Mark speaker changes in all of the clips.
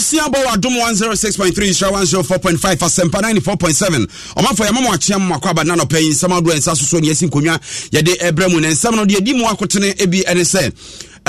Speaker 1: nsia bɔ wɔ adom 106.3 nhyira 104.5 asɛmpa 94.7 ɔmafo yɛma mo akyeɛ mmakɔ aba na nɔpɛ yi nsɛm adoɔ ɛnsa soso ne asi nkonnwa yɛde ɛbrɛ mu ne nsɛm no deɛ di mu akotene bi ɛne sɛ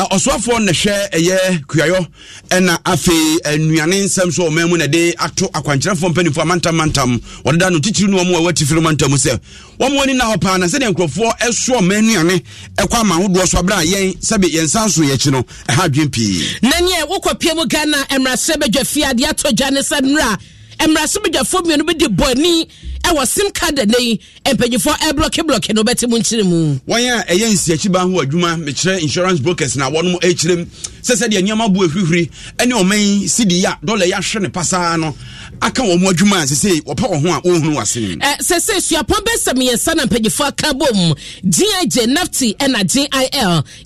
Speaker 1: ɔsoafoɔ na hwɛ ɛyɛ kuayɔ ɛna afei nnuane nsɛm so ɔma mu na de ato akwankyerɛfoɔ mpanimfoɔ amantamantam wɔdeda no titiri no ɔmu a wɔatifiri mantam sɛ wɔma ani na hɔ paa na sɛdeɛ nkurɔfoɔ ɛsoɔ ɔmɛ nnuane ɛkɔ ama ahodoɔ so aberɛ a yɛn sɛbe yɛnsa so yɛkyi no ɛha adwen pii na
Speaker 2: neɛ pie mu ghana mmarahyɛ bɛdwa fie adeɛ atɔ gya ne sɛ mmerɛ a mmarasimegyafo mmienu bi di bɔ ani ɛwɔ sim card ɛnɛ yi mpanyinfoɔ ɛblɔke blɔke na ɔbɛte mu nkyiri
Speaker 1: mu. wɔn a ɛyɛ nsiakyiba ho adwuma mekyerɛ insurance brokers na wɔn ɛkyerɛ mu sɛsɛ deɛ nneɛma bu ehwihwiri ɛne ɔman yi si di yi a dɔla yi ahwɛ ne pasaa no aka wɔn adwuma a sese wɔpɛ wɔn ho a wɔnhunu wase. ɛ
Speaker 2: eh, sese suapɔn bɛ sɛ mmiɛnsa na mpanyinfoɔ aka bɔ mu gig nafti ɛna gil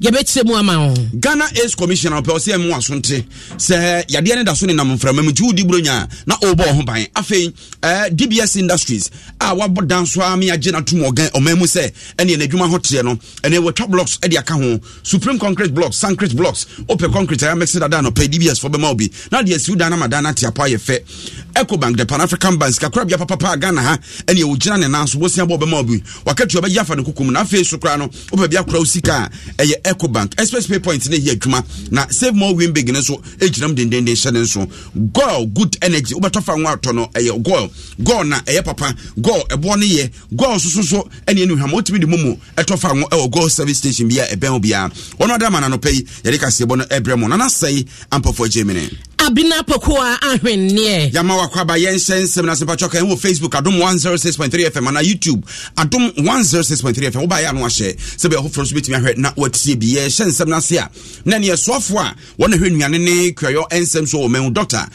Speaker 1: yɛbɛkyerɛ mu ama wɔn. ghana aids commission a ɔpɛ ɔsɛ ɛmu asonte sɛ yadeɛ ne da so ne nam nframa mu tiwu diburo nya na ɔrebɔ ɔho ban afei ɛɛ eh, dbs industries a wabɔ dan so a agye na tum ɔgan ɔman mu sɛ ɛne ɛna adwuma ho teɛ no ɛna wɔtwa blocks ɛde aka ho supreme concrete blocks sancrete blocks opɛ concrete ɛyɛ mɛsɛ dada na ɔpɛ dbs fɔ bɛma obi na deɛ siw dan na ma dan na te apɔ ayɛ fɛ ecobank the pan african bank sikakorabea papapa ghana ha ɛne ɛwogyina ne nan so wɔsia bɔ ɔbɛma obi wakatua bɛgye afa ne kokom na afei so koraa no wopɛbi akora wo sika a eh, ɛyɛ ecobank express pay point ne ɛyɛ adwuma na save more win big ne so ɛgyinam eh, dendenden hyɛ ne nso gol good energy wobɛtɔ fa wo atɔ no ɛyɛ eh, gol gol na ɛyɛ papa gol ɛboɔ no yɛ gol soso so ɛne ɛne hwama wotumi de mumu ɛtɔ fa wo ɛwɔ gol service station bi a ɛbɛn wo biara ɔno no ma nanɔpɛ yi yɛde kaseɛbɔ no ɛbrɛ mo nanasɛe ampɔfoɔ gyemene abena pokoa ahwenneɛ yɛma wakwaba yɛnhyɛ nsɛm no ase patwɔ ka ɛwɔ facebook adom 106.3 fm ana youtube adom 106.3 fm wobaeɛ ano ahyɛ sɛ bɛyɛ hoforɔ so bɛtumi ahwɛ na watie bi yɛhyɛ nsɛm no ase a na neɛ soafoɔ a wɔna hwɛ nnuane ne kuayɔ nsɛm eh, eh, so wɔ mahu dɔctor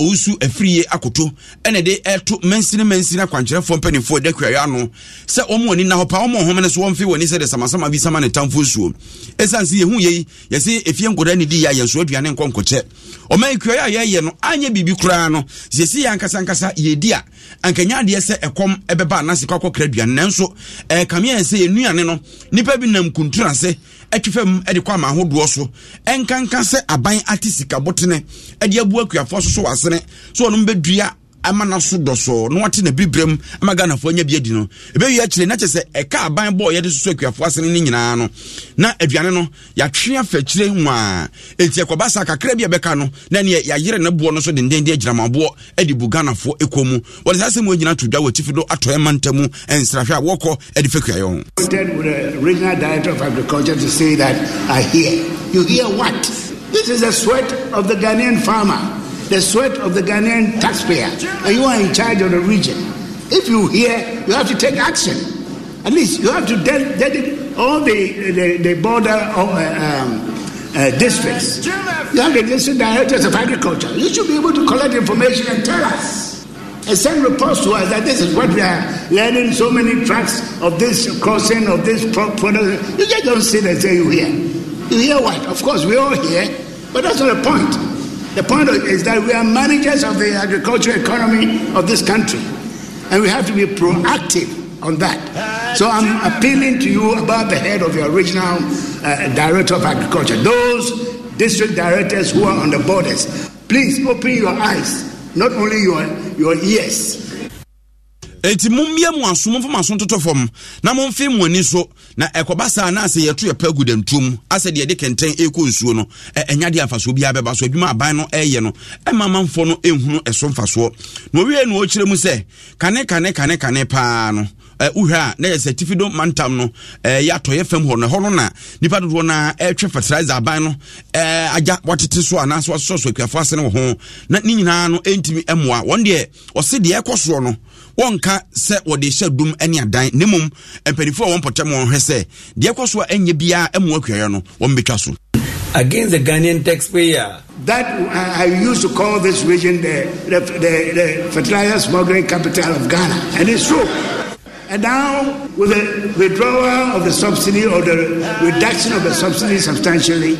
Speaker 1: ɔwusu afirie akoto ɛne de ɛto mansini mansini akwankyerɛfoɔ mpanimfoɔ ɛda kuayɔ ano sɛ wɔma ani na hɔ paa wɔma ɔhome no so wɔmfe wɔni sɛde samasama bi sama ne tamfoɔ suo ɛsiane sɛ yɛhu yei yɛsɛ ɛfie nkɔda ne di yɛ a yɛnso aduane nkɔnkɔkyɛ ɔma adekua a yɛyɛ no anyɛ biribi koraa no siesie yɛ ankasankasa yɛdi a ankanya adeɛ sɛ ɛkɔm ɛbɛba anase kɔakɔ kra aduane nanso ɛkamea sɛ yɛnuane no nnipa bi nam kuntura se atwi fam de kɔ ama ahodoɔ so ɛnkanka sɛ aban ate sikabotene de abu akuafoɔ so so wasene sɛ ɔnom bɛdua ama n'aso dɔsɔɔ na wate na bibirem ama fo nya bi adi no ebeyi akyire na kyerɛ sɛ ɛka aban bɔɔ yɛde soso akuafoɔ asene ne nyinaa no na aduane no yɛatwe afɛkyire nwaa eti ɛkɔba saa kakra bi a ɛbɛka no na neɛ yɛayere ne boɔ no so denden de dendenden agyinamaboɔ adi bu ghanafoɔ ekɔ mu wɔde saa asɛm wɔn nyinaa to dwa wɔ tifi do atɔ ɛma nta mu nsirahwɛ a wɔkɔ ɛde fɛ kuayɛ ho.
Speaker 3: with the regional director of agriculture to say that i hear you hear what this is the sweat of the ghanaian farmer. the sweat of the Ghanaian taxpayer, and you are in charge of the region. If you hear, you have to take action. At least you have to dedicate all the, the, the border of, uh, um, uh, districts. You have the district directors of agriculture. You should be able to collect information and tell us. And send reports to us that this is what we are learning so many tracks of this crossing, of this product. You just don't sit and say you hear. You hear what? Of course, we all hear, but that's not the point. The point is that we are managers of the agricultural economy of this country, and we have to be proactive on that. So I'm appealing to you about the head of your regional uh, director of agriculture, those district directors who are on the borders. Please open your eyes,
Speaker 1: not only your, your ears. ɛnti mommia mu aso momfa mo aso ntoto fam na momfe mo ani so na ɛkɔba saa na asɛ yɛto yɛpa agu dantuom asɛ deɛ ɛde kɛntɛn ɛkɔ nsuo no ɛnya deɛ amfasoɔ biara bɛba so adwuma aban no ɛyɛ no ɛma manfoɔ no ɛhunu ɛso mfasoɔ na owie na ɔkyerɛ mu sɛ kane kane kane kane paa no wohwɛ a na yɛ tifido mantam no yɛ atɔyɛ fam hɔ no ɛhɔ no na nipa dodoɔ na ɛtwe fertilizer aban no agya watete so anaasɛ wasosɔ so akuafo ase no wɔ ho na ne nyinaa no ɛntumi mmoa wɔn deɛ ɔse deɛ ɛkɔ soɔ no wɔnka sɛ wɔde hyɛ dum ne adan ne mmom mpanimfoɔ a wɔmpɔtam wɔn hwɛ sɛ deɛ kɔ so a ɛnyɛ biara mu akuaeɛ no wɔmbɛtwa so against the Ghanaian taxpayer. That I used to call
Speaker 3: this region the, the, the, the fertilizer smuggling capital of Ghana, and it's true. And now, with the withdrawal of the subsidy or the reduction of the subsidy substantially,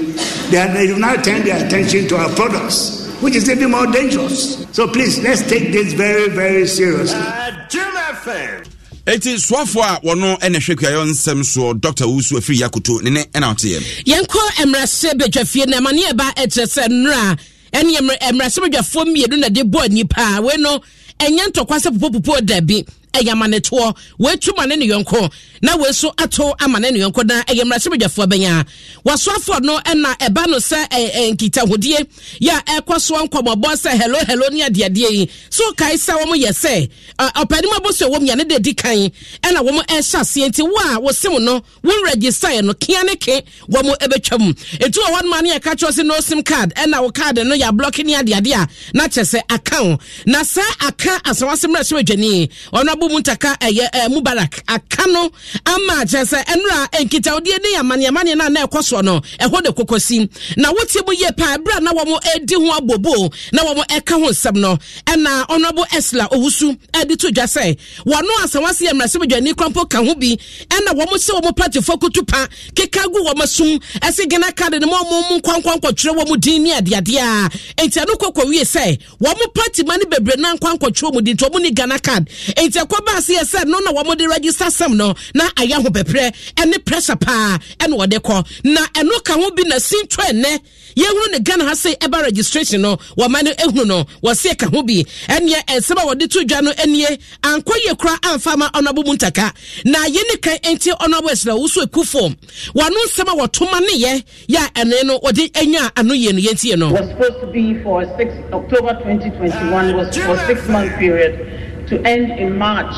Speaker 3: they, are, they have now turned their attention to our products, which is even more dangerous. So please, let's take this very, very seriously. Jim FM.
Speaker 1: eti soafo a wɔno ɛna hwɛ kuayɔ nsɛm soɔ dr wusu afiri yakoto ne ne ɛna ɔteɛ
Speaker 2: yɛnkɔ mmerɛsɛ badwafie no ɛma ne yɛba ɛkyerɛ sɛ nnora a ɛne mmerɛsɛ badwafoɔ mmienu na de bɔɔ nnipa a wei no ɛnyɛ ntɔkwa sɛ popopopo da bi ɛyɛ amanetoɔ wɔatu ma ne ne yɔnko na wɔi ato ama ne ne yɔnko na ɛyɛ mmarahyɛbadwafoɔ bɛnya a wɔso afoɔ no ɛna ɛba no sɛ nkitahodie yɛ a ɛkɔ soɔ nkɔmmɔbɔ sɛ hello hello ne adeadeɛ yi so kae sɛ wɔm yɛ sɛ ɔpanim abɔsua wɔm yɛne da di kan ɛna wɔm ɛhyɛ aseɛ nti wo a wɔsim no wo registae no kea ne ke wɔm ɛbɛtwam ɛtu wɔ hɔnom a ne yɛka kyerɛ sɛ no sim card ɛna wo card no yɛ ablɔke ne adeadeɛ a na kyerɛ sɛ aka wo na saa aka asawasɛm no ɛhyɛ abɔ ɛyɛ ɛɛ mubarak aka no ama akyerɛ sɛ ɛnura nkitahodie ne amaneamaneɛ no a na ɛkɔ soɔ no ɛhɔ de koko si na wotie mu yie paa ɛberɛ na wɔn edi ho abobo na wɔn ɛka ho nsɛm no ɛna ɔnɔbo ɛsla owusu ɛde to dwa sɛ wɔn asawasi mmerɛsɛmdwani krampo ka ho bi ɛna wɔn sɛ wɔn patifoɔ kutu pa keka gu wɔn asum ɛsi gana kaade ne mu wɔn mu nkwankwankɔtwerɛ wɔn din ne adeadeɛ a ntia wie sɛ wɔn pati ma ne bebree na nkwankɔtwerɛ wɔn din nti wɔn ni gana kaade ntia ɛkɔbaa seɛ sɛ no na wɔmode register sam no na ayɛ ahopeprɛ ɛne pressure paa ɛne wɔde kɔ na ɛno ka ho bi na sintwa ɛnɛ yɛhunu ne ghana ha sɛ ɛba registration no wɔma no ehunu no wɔse ka ho bi ɛneɛ nsɛm eh, a wɔde to dwa no anie ankɔ yie kora amfa ma ɔnabo mu ntaka na yɛne kan ɛnti ɔnabo ɛsrɛ wo so ɛku fam wɔano nsɛm a wɔtoma ne yɛ yɛ ɛne no wɔde anya ano yie no yɛntie no was supposed to be for six, October 2021 was for six month period to end in March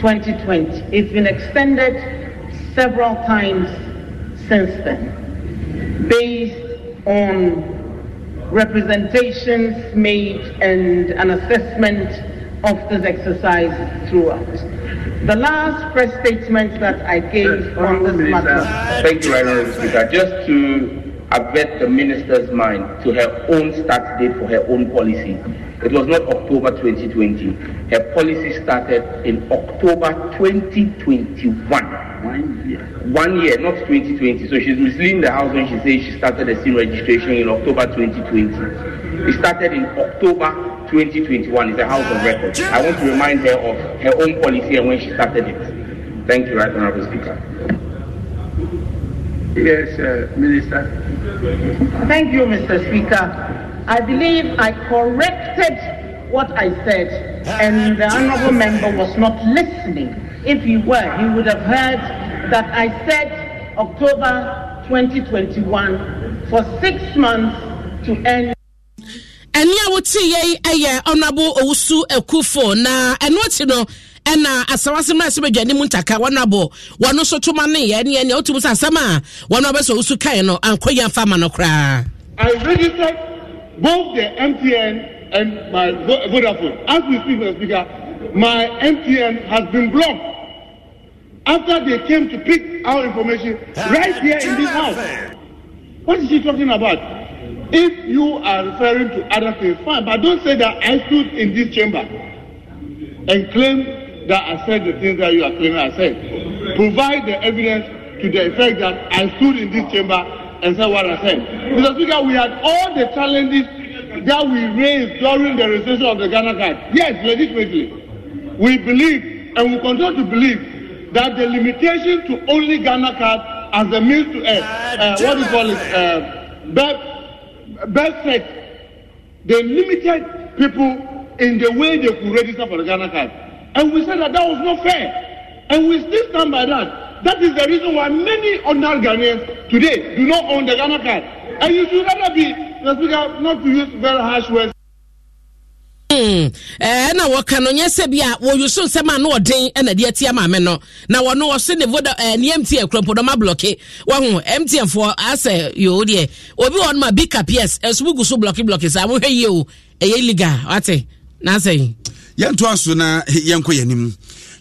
Speaker 2: 2020. It's been extended several times since then, based on representations made and an assessment of this exercise throughout. The last press statement that I gave on this matter.
Speaker 1: Thank you, Honourable Speaker. Just to avert the minister's mind to her own start date for her own policy. It was not October 2020. Her policy started in October 2021. One year. One year, not 2020. So she's misleading the house when she says she started the SIN registration in October 2020. It started in October 2021. It's a house of record. I want to remind her of her own policy and when she started it. Thank you, Right Honorable Speaker. Yes, uh, Minister.
Speaker 2: Thank you, Mr. Speaker. I believe I corrected what I said, and the honourable member was not listening. If he were, he would have heard that I said October 2021 for six months to end. ɛne a wote yɛ ɛyɛ ɔnabo owusu akufo na ɛno akyi no ɛna asawase mmerɛ sɛ badwane mu ntaka wɔno abɔ wɔno nso toma ne yɛ ne ɛneɛ wotumi sɛ asɛm a wɔno abɛsɛ owusu kae no ankɔ yɛ mfa ma no koraa both the MTN
Speaker 4: and my Vodafone. As we speak, Mr. Speaker, my MTN has been blocked after they came to pick our information right here in this house. What is she talking about? If you are referring to other things, fine, but don't say that I stood in this chamber and claim that I said the things that you are claiming I said. Provide the evidence to the effect that I stood in this chamber and said what I said. Mr. Speaker, we had all the challenges that we raised during the recession of the Ghana Card. Yes, legitimately. We believe and we continue to believe that the limitation to only Ghana Card as a means to end, uh, what do you call it, uh, best, best sex, they limited people in the way they could register for the Ghana Card. And we said that that was not fair. And we still stand by that. That is the reason why many ordinary Ghanaians
Speaker 2: today do not own the Ghana card. And you should rather be, Mr. Speaker, not to use very harsh words. ɛna hmm. eh, wɔka no nyɛ sɛ bi a wɔyusu nsɛm a na ɔden ɛna eh, de atia maame no na wɔno wɔse ne voda ɛɛ eh, ne mtn kurompodɔma blɔke wɔho mtn foɔ asɛ yoo deɛ obi wɔ no ma bi kapiɛs ɛsubu gu so blɔke blɔke saa wɔhwɛ yie o ɛyɛ liga wate n'asɛn.
Speaker 1: yɛnto aso na yɛnkɔ yɛnim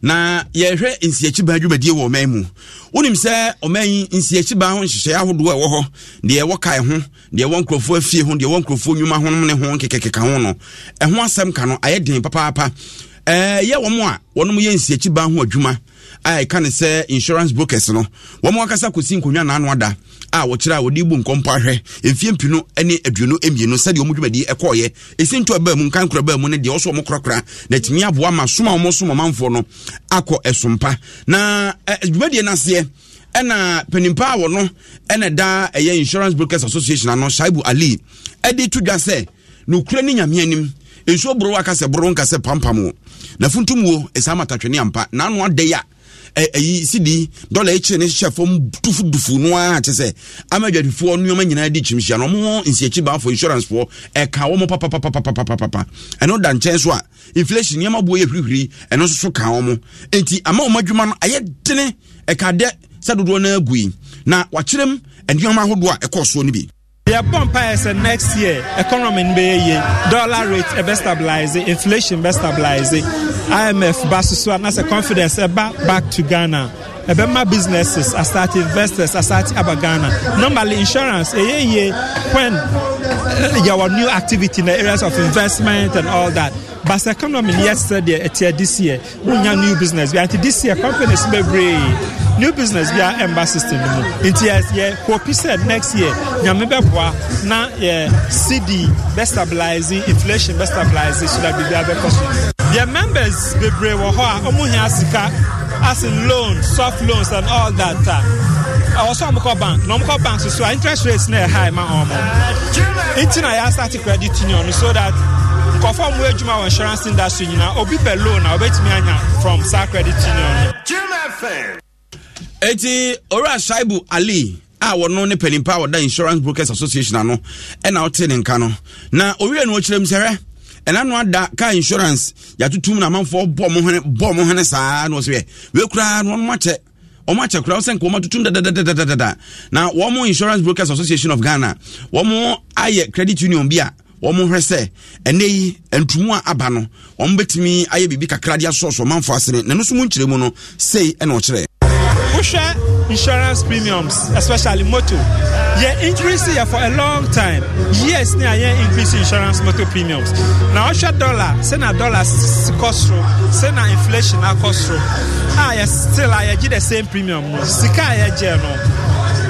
Speaker 1: na yɛhwɛ nsiakyibaa dwumadie wɔ ɔman mu wonim sɛ ɔman yi nsiakyibaa ho nhyehyɛeɛ ahodoɔ ɛwɔ hɔ deɛ ɛwɔ kae ho deɛ ɛwɔ nkurɔfoɔ afie ho deɛ ɛwɔ nkurɔfoɔ nnwuma ho ne ho nkekakeka ho no ɛho asɛm ka no ayɛ den papaapa yɛ wɔn a wɔn yɛ nsiakyi ban ho adwuma a ɛka ne sɛ insurance brokers no wɔn akasa kɔsi nkonnwa a wɔkyerɛ a wɔde bu nkɔmpɔ ahwɛ mfie mpi ne aduonu mmienu sɛdeɛ wɔn dwumadie ɛkɔɔyɛ esi nto ɛbaa mu nkan na tumi aboa ma soma wɔn so no akɔ ɛsompa na dwumadie n'aseɛ ɛna panimpa a wɔn ɛna da ɛyɛ eh, insurance brokers association ano shaibu ali ɛde eh, to dwa sɛ nukura ne nyame anim nsuo boro pampam na funtum wo ɛsan matatwene ampa n'ano adɛ ya ɛyi sidi dɔla ekyir ne hyɛ fam dufudufu noa kye sɛ amadwadifoɔ nneɛma nyinaa di kyim hyia na ɔmo nsiakyi baafo insurance foɔ ɛka wɔn papapapapapapa ɛno da nkyɛn so a inflation nneɛma bu yɛ hwirihwiri ɛno nso so ka wɔn eti ama wɔn adwuma no ayɛ dene ɛka dɛ sɛ dodoɔ naa gu yi na wakyerɛm nneɛma ahodoɔ a ɛkɔɔ soɔ no bi. yɛbɔ mpaeɛ sɛ next year economy in bɛyɛ yie
Speaker 5: dollar rate ɛbɛ stabilize inflation bɛ stabilize imf ba soso anasɛ confidence ɛba back to ghana ɛbɛma businesses asate investors asate aba ghana normally insurance ɛyɛ yie when yɛwɔ new activity in the areas of investment and all that but sɛ economy no yesterday. deɛ ɛteɛ this year wonya new business bi ante this year companies bebree new business bi a ɛmba system no mu nti yɛ hope sɛ next year nyame bɛboa na yɛ cd bɛstabilise inflation bɛstabilise so that biribiara bɛkɔ so yɛ members bebree wɔ hɔ a ɔmo hia sika as in loans soft loans and all that ọsọ uh. ọmụkọ bank na ọmụkọ bank so interest rate na high ma ọmụ um, um. nti na ya start credit union so that nkɔfo mu adwuma wɔ insurance industry nyina obi pɛ loan a obetumi anya from saa credit union.
Speaker 1: eti owura shaibu ali a wɔno ne panimpa a wɔda insurance brokers association ano ɛna e ɔte ne nka no na owura no ɔkyerɛ mu ɛna no ada car insurance yɛatotum no amanfoɔ bɔ mo hene bɔ mo hene saa na ɔsɛ wei koraa no ɔnom akyɛ ɔmo akyɛ koraa sɛ nka ɔmo atutum dadadadadada na wɔn insurance brokers association of ghana wɔn ayɛ credit union bi a wɔn hwɛ sɛ ɛnɛ yi ntumu a aba no wɔn bɛtumi ayɛ biribi kakra de asɔɔsɔ ɔmanfo asene na no so mu nkyerɛ mu no sei ɛna ɔkyerɛ
Speaker 5: wohwɛ insurance premiums especially motor yɛ increase yɛ for a long time years ne a yɛ increase insurance motor premiums na ɔhwɛ dollar say na dollar kɔ soro sɛna inflation akɔ soro a ah, yɛ still a yɛgye the same premium no sika a yɛgye no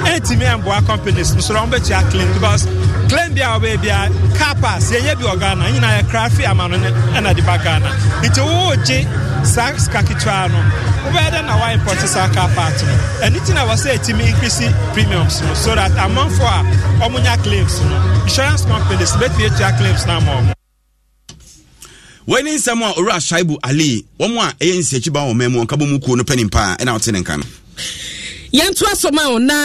Speaker 5: Eighty million boa companies nsoro wɔn bɛtua claim because claim bi a ɔbɛyɛ bi a car pass yɛyɛ bi wɔ ghana nyinaa yɛ kra fi ama no ɛna de ba ghana nti wɔwɔ gye. Oh, saa kakitiwa no wobɛyɛ dɛ na waimpɔte saa car part no Anything nti na wɔ sɛ ɛtumi increase premiums no so that amanfoɔ a ɔmonya claims no insurance companies bɛtumi atua claims no ama ɔmo
Speaker 1: wɔni nsɛm a owura shaibu ali wɔn a ɛyɛ nsiakyi ba wɔn mɛmu ɔnkabɔ mu kuo no pɛ ne mpaa ɛna ɔte ne nka no
Speaker 2: yɛnto asɔma o na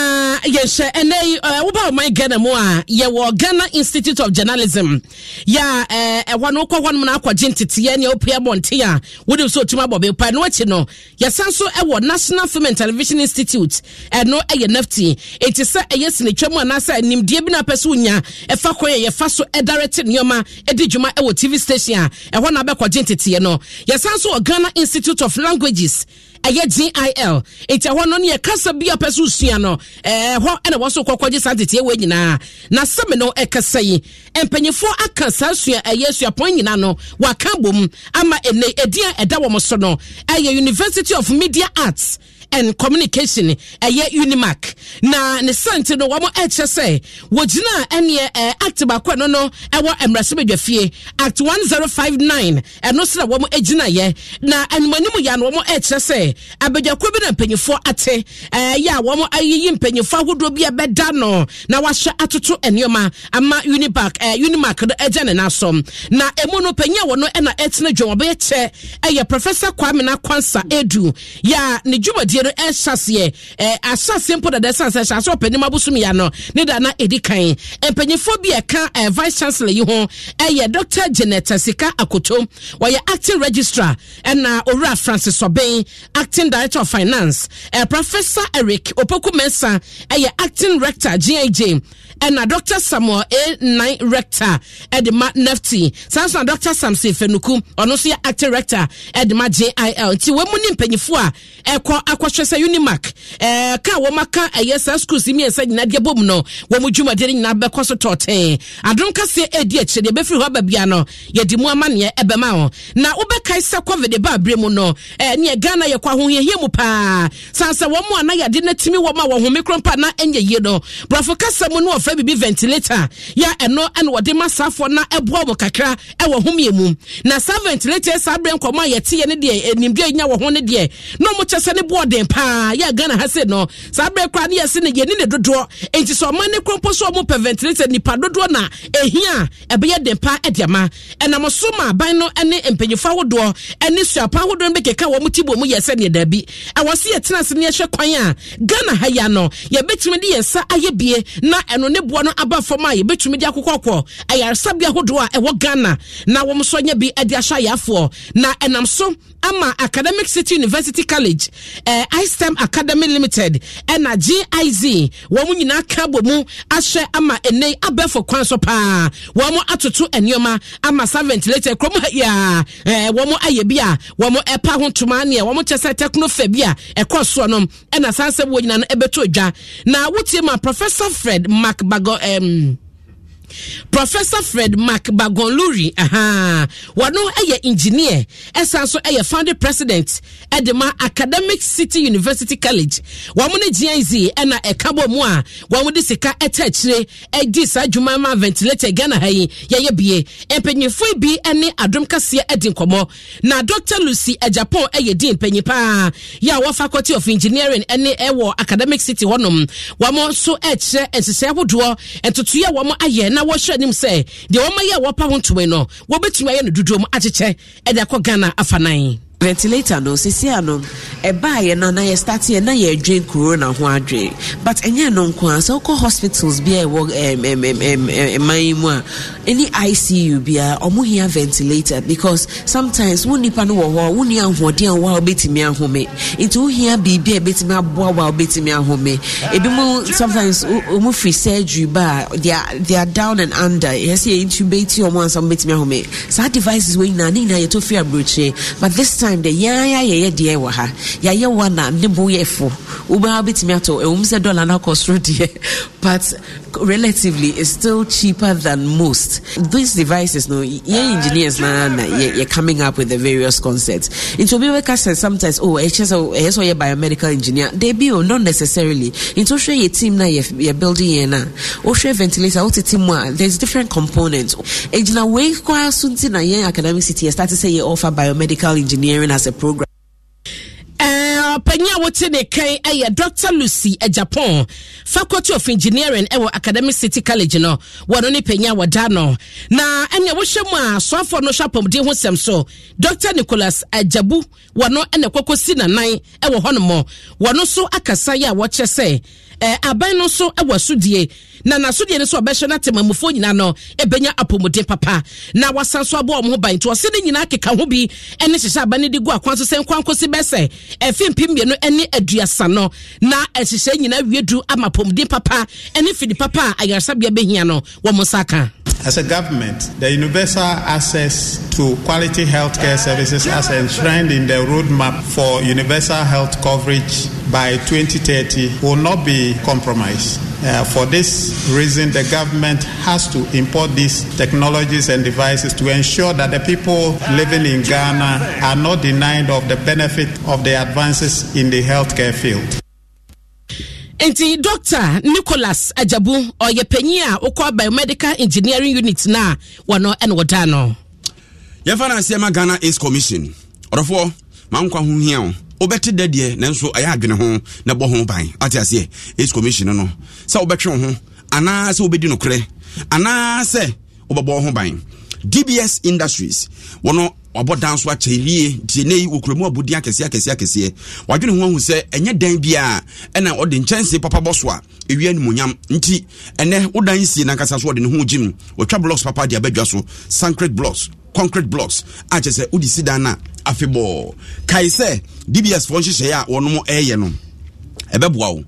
Speaker 2: yɛhyɛ ɛnɛ yi eh, woba ɔman ghana mu a yɛwɔ ghana institute of journalism yɛ a ɛhɔ eh, no wokɔ hɔ nom no akɔgye nteteɛ nea wopɛ abɔnte a wode so ɔtumi abɔ bepa akyi no yɛsan so ɛwɔ national film and television institute ɛno eh, ɛyɛ nafti ɛti sɛ ɛyɛ sinetwa mu anaasɛ nimdeɛ bi no apɛ so wonya ɛfa kɔ yɛ yɛfa so ɛdarete nneɔma ɛdi dwuma ɛwɔ tv station a ɛhɔ no abɛkɔgye nteteɛ no yɛsan so wɔ ghana institute of languages ɛyɛ gil nti ɛhɔ no ne yɛ kasa bi a pɛ so sua no ɛhɔ ɛna wɔ so kɔkɔgye saa teteɛ wɔ nyinaa na sɛme no ɛkasa yi mpanyinfoɔ aka saa sua ɛyɛ suapɔn nyinaa no wɔaka bom ama ɛnɛ ɛdin a ɛda wɔn so no ɛyɛ university of media arts and communication ɛyɛ eh, unimark na ne sante eh, eh, no wɔn ɛkyɛ sɛ wɔgyina ɛneɛ ɛɛ act baako ɛno no ɛwɔ mmarahyɛbadwa fie act one zero five nine ɛno so na wɔn gyina yɛ na anumanim yɛ no wɔn ɛkyɛ sɛ abadwakuo bi na mpanyinfoɔ ate ɛɛyɛ a wɔn ayiyi mpanyinfoɔ ahodoɔ bi a bɛda no na wahyɛ atoto nneɛma ama unimark ɛɛ unimark no ɛgya ne nan so na emu no panyin a wɔn ɛna ɛtena dwa wɔn bɛyɛ kyɛ ɛyɛ professor kwame nakwansa edu yɛ a ne dwumadie no ɛhyɛ eh, eh, aseɛ ɛɛ ahyɛ aseɛ mpo dada ɛsan sɛ hyɛ aseɛ ɔpanin abosom ya no ne da na edi kan eh, mpanyinfoɔ bi ɛka ɛɛ vice chancellor yi ho ɛyɛ doctor janet sika akoto wɔyɛ acting registrar ɛna owura francis ɔbɛn acting director of finance ɛɛ professor eric opoku mensa ɛyɛ acting rector gig ɛna doctor samuel a nine rector ɛde ma nefti saa nso na dr samson fenuku ɔno nso yɛ acting rector ɛde ma jil nti wɔn mu ne mpanyinfoɔ a ɛkɔ akɔ ahwɛ sɛ unimac ɛɛ eh, kaa wɔn aka ɛyɛ saa schools yi mmiɛnsa nyinaa deɛ bɔ mu no wɔn dwumadie no nyinaa bɛkɔ so tɔɔtɛn adum kaseɛ edi akyire deɛ bɛfiri hɔ aba bia no yɛde mu amaneɛ ɛbɛma wɔn na wobɛkae sɛ covid ba abere mu no ɛɛ eh, neɛ ghana yɛ kɔ ahohiahia mu paa sansa wɔn mu ana yɛde ne timi wɔn a wɔn home kuro mpa na ɛnyɛ yie no borɔfo kasa mu no wɔfrɛ bibi ventilator yɛ ɛno ɛna wɔde ma na ɛboa wɔn kakra ɛwɔ homiɛ na saa ventilator saa abere nkɔmɔ a yɛte yɛ ne deɛ eh, nimdeɛ yi nya de den paa yɛ ghana ha se no saa berɛ koraa ne yɛse no yɛni ne dodoɔ enti sɛ ɔma ne krompo so ɔmo pɛventilator nipa dodoɔ na ɛhia a ɛbɛyɛ den paa ɛde ama ɛnam so ma aban no ne mpanyimfo ahodoɔ ne suapa ahodoɔ no bɛkeka wɔn ti bɔ mu yɛ sɛdeɛ daabi ɛwɔ se yɛtena ase ne yɛhwɛ kwan a ghana ha ya no yɛbɛtumi de yɛn nsa ayɛ bie na ɛno ne boɔ no aba fam a yɛbɛtumi de akokɔkɔ ayaresabea ahodoɔ a ɛwɔ ghana na wɔn nso nyɛ bi de ahyɛ ayafoɔ na ɛnam so ama academic city university college ɛɛ. Eh, uh, istem academy limited ɛna giz wɔn nyinaa ka bɔ mu ahyɛ ama ɛnɛ abɛɛfo kwan so paa wɔn atoto nneɛma ama sa ventilator kurom ha yia ɛɛ wɔn ayɛ bi a wɔn ɛpa ho ntoma nea wɔn kyɛ sɛ tɛkuno fɛ bi a ɛkɔ soɔ no ɛna saa nsɛm nyinaa no ɛbɛto dwa na wotie ma professor fred mac bago ɛɛm. Um, professor fred mark bagonluri wɔno yɛ engineer ɛsan so yɛ founding president de ma academic city university college wɔn ne giz ɛna ɛka bɔ mu a wɔn de sika ɛtɛ akyire di saa adwuma ma ventilator ghana ha yi yɛyɛ bie mpanyinfoɔ bi ne adom kaseɛ di nkɔmmɔ na dr lucy japan yɛ di mpanyin paa yɛ a wɔn faculty of engineering ne ɛwɔ academic city hɔnom wɔn nso ɛkyerɛ nhyehyɛ ahodoɔ ntutu yɛ wɔn ayɛ na na wɔhyɛ anim sɛ deɛ wɔma yɛ wɔpa ho ntoma no wɔbɛtumi ayɛ no dodoɔ mu akyekyɛ ɛde akɔ ghana afanan ventilator no sisi ano
Speaker 6: ɛbaayɛ no na yɛ start yɛ na yɛdwen corona ho adwen but ɛnyɛ no nko a sɛ wokɔ hospitals bi a ɛwɔ man yi mu a ɛne icu biara ɔmo hia ventilator because sometimes wo nnipa no wɔ hɔ a wonni ahoɔden a wo a wobɛtumi ahome nti wohia biribi a ɛbɛtumi aboa wo a wobɛtumi ahome ebi mu sometimes ɔmo firi surgery ba a they are down and under yɛ sɛ yɛ intubate ɔmo ansa wobɛtumi ahome saa devices wɔ nyinaa ne nyinaa yɛtɔ firi aburokyerɛ but this time time dɛ yɛn ayɛ yɛyɛ deɛ wɔ ha yɛayɛ one a ne bo yɛ fo wobɛa wobɛtumi atɔ ɛwom sɛ dollar no akɔ soro deɛ but relatively it's still cheaper than most these devices no yɛn engineers na na yɛ coming up with the various concepts nti obi bɛka sɛ sometimes oh ɛkyɛ sɛ ɛyɛ sɛ ɔyɛ biomedical engineer be, o oh, not necessarily nti of a team na yɛ building yɛn na wohwɛ ventilator wotete team a there's different components ɛgyina eh, wei koraa so nti na yɛn academic city yɛ start say yɛ offer biomedical engineering as a program
Speaker 2: eh, uh, panyin a wote ne kan yɛ dr lucy japan faculty of engineering wɔ academic city college no wɔno ne panyin a wɔda no na ɛnea wohyɛ mu a soafoɔ no hyɛ apɔmuden ho sɛm so dr nicholas agyabu wɔno na ɛkɔkɔsi nanan wɔ hɔnom wɔno nso akasa yɛ a wɔkyerɛ sɛ ɛɛ aban no nso ɛwɔ sodie na n'asodie no nso ɔbɛhyɛ n'atemamufoɔ nyinaa no ebenya apɔmuden papa na wasan so aboa wɔn ho ban to ɔsɛ ne nyinaa keka ho bi ɛne hyehyɛ aban no de gu akwan so sɛ nkwankosi bɛsɛ ɛfin mmienu ɛne aduasa no na ɛhyehyɛ nyinaa wie du ama apɔmuden papa ɛne fidi papa a ayaresabea bɛhia no wɔn nsa kan.
Speaker 5: As a government, the universal access to quality healthcare services as enshrined in the roadmap for universal health coverage by 2030 will not be compromised. Uh, for this reason, the government has to import these technologies and devices to ensure that the people living in Ghana are not denied of the benefit of the advances in the healthcare field.
Speaker 2: nti Dr nicholas ajabu ɔyɛ panyin a wokɔ biomedical engineering unit na wɔno ɛna wɔda no
Speaker 1: yɛmfa no aseɛ ma ghana ace commission ɔdɔfoɔ ma nkwa ho hia wo wobɛte dɛ deɛ nanso ɛyɛ adwene ho na bɔ ho ban ate aseɛ ace commission no sɛ wobɛtwe wo ho anaa sɛ wobɛdi nokorɛ anaa sɛ wobɛbɔ ho ban dbs industries wɔno wabɔ dan so akyɛ yie tie ne yi wokura mu abɔden akɛseɛ akɛseɛ akɛseɛ wadwene ho ahu sɛ ɛnyɛ dan biara ɛna ɔde nkyɛnsee papa bɔ so a ewia nimonyam nti ɛnɛ wodan sie nankasa so ɔde ne ho gyim wɔtwa blocks papa de abɛdwa so sankret blocks concrete blocks a kyerɛ sɛ wode si dan no a afebɔɔ kae sɛ dbs foɔ nhyehyɛeɛ a wɔnom ɛɛyɛ no ɛbɛboa wo